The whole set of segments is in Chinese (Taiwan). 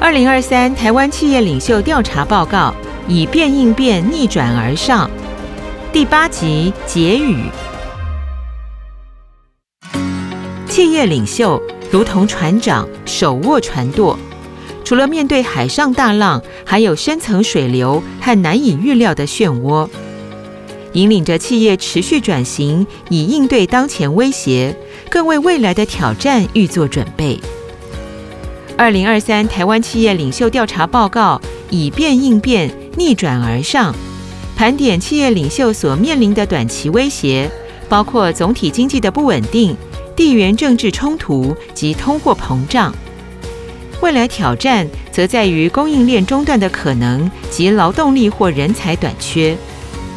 二零二三台灣企業領袖調查報告：以變應變，逆轉而上。第八集結語。企業領袖如同船長，手握船舵，除了面對海上大浪，還有深層水流和難以預料的漩渦，引領着企業持續轉型，以應對當前威脅，更為未來的挑戰預做準備。二零二三台灣企業領袖調查報告：以變應變，逆轉而上。盤點企業領袖所面臨的短期威脅，包括總體經濟的不穩定、地緣政治衝突及通貨膨脹。未來挑戰則在於供應鏈中斷的可能及勞動力或人才短缺。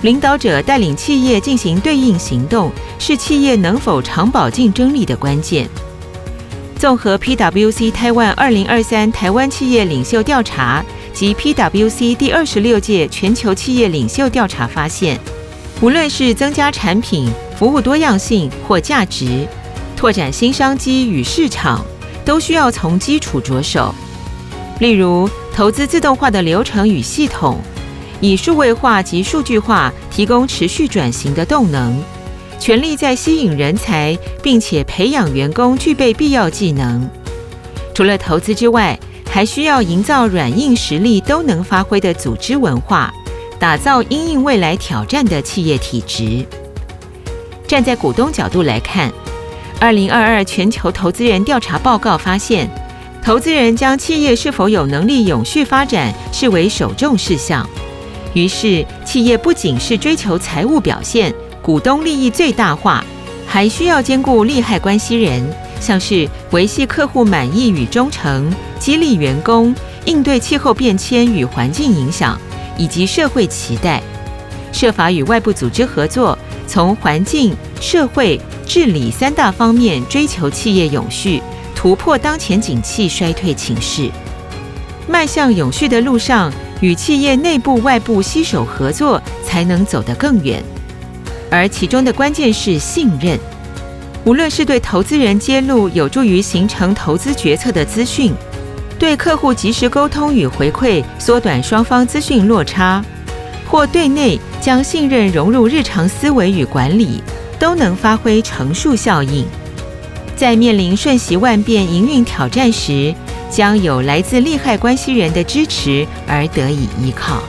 領導者帶領企業進行對應行動，是企業能否長保競爭力的關鍵。綜合 PwC 台灣2023台灣企業領袖調查及 PwC 第二十六屆全球企業領袖調查發現，無論是增加產品服務多樣性或價值，拓展新商機與市場，都需要從基礎着手。例如，投資自動化的流程與系統，以數位化及數據化提供持續轉型的動能。全力在吸引人才，並且培養員工具備必要技能。除了投資之外，還需要營造軟硬實力都能發揮的組織文化，打造因應未來挑戰的企業體制。站在股東角度來看，二零二二全球投資人調查報告發現，投資人將企業是否有能力永續發展視為首重事項。於是，企業不僅是追求財務表現。股東利益最大化，還需要兼顧利害關係人，像是維繫客戶滿意與忠誠、激勵員工、應對氣候變遷與環境影響，以及社會期待。設法與外部組織合作，從環境、社會、治理三大方面追求企業永續，突破當前景氣衰退情勢。邁向永續的路上，與企業內部、外部攜手合作，才能走得更遠。而其中的關鍵是信任，無論是對投資人揭露有助於形成投資決策的資訊，對客戶及時溝通與回饋，縮短雙方資訊落差，或對內將信任融入日常思維與管理，都能發揮乘數效應。在面臨瞬息萬變營運挑戰時，將有來自利害關係人的支持而得以依靠。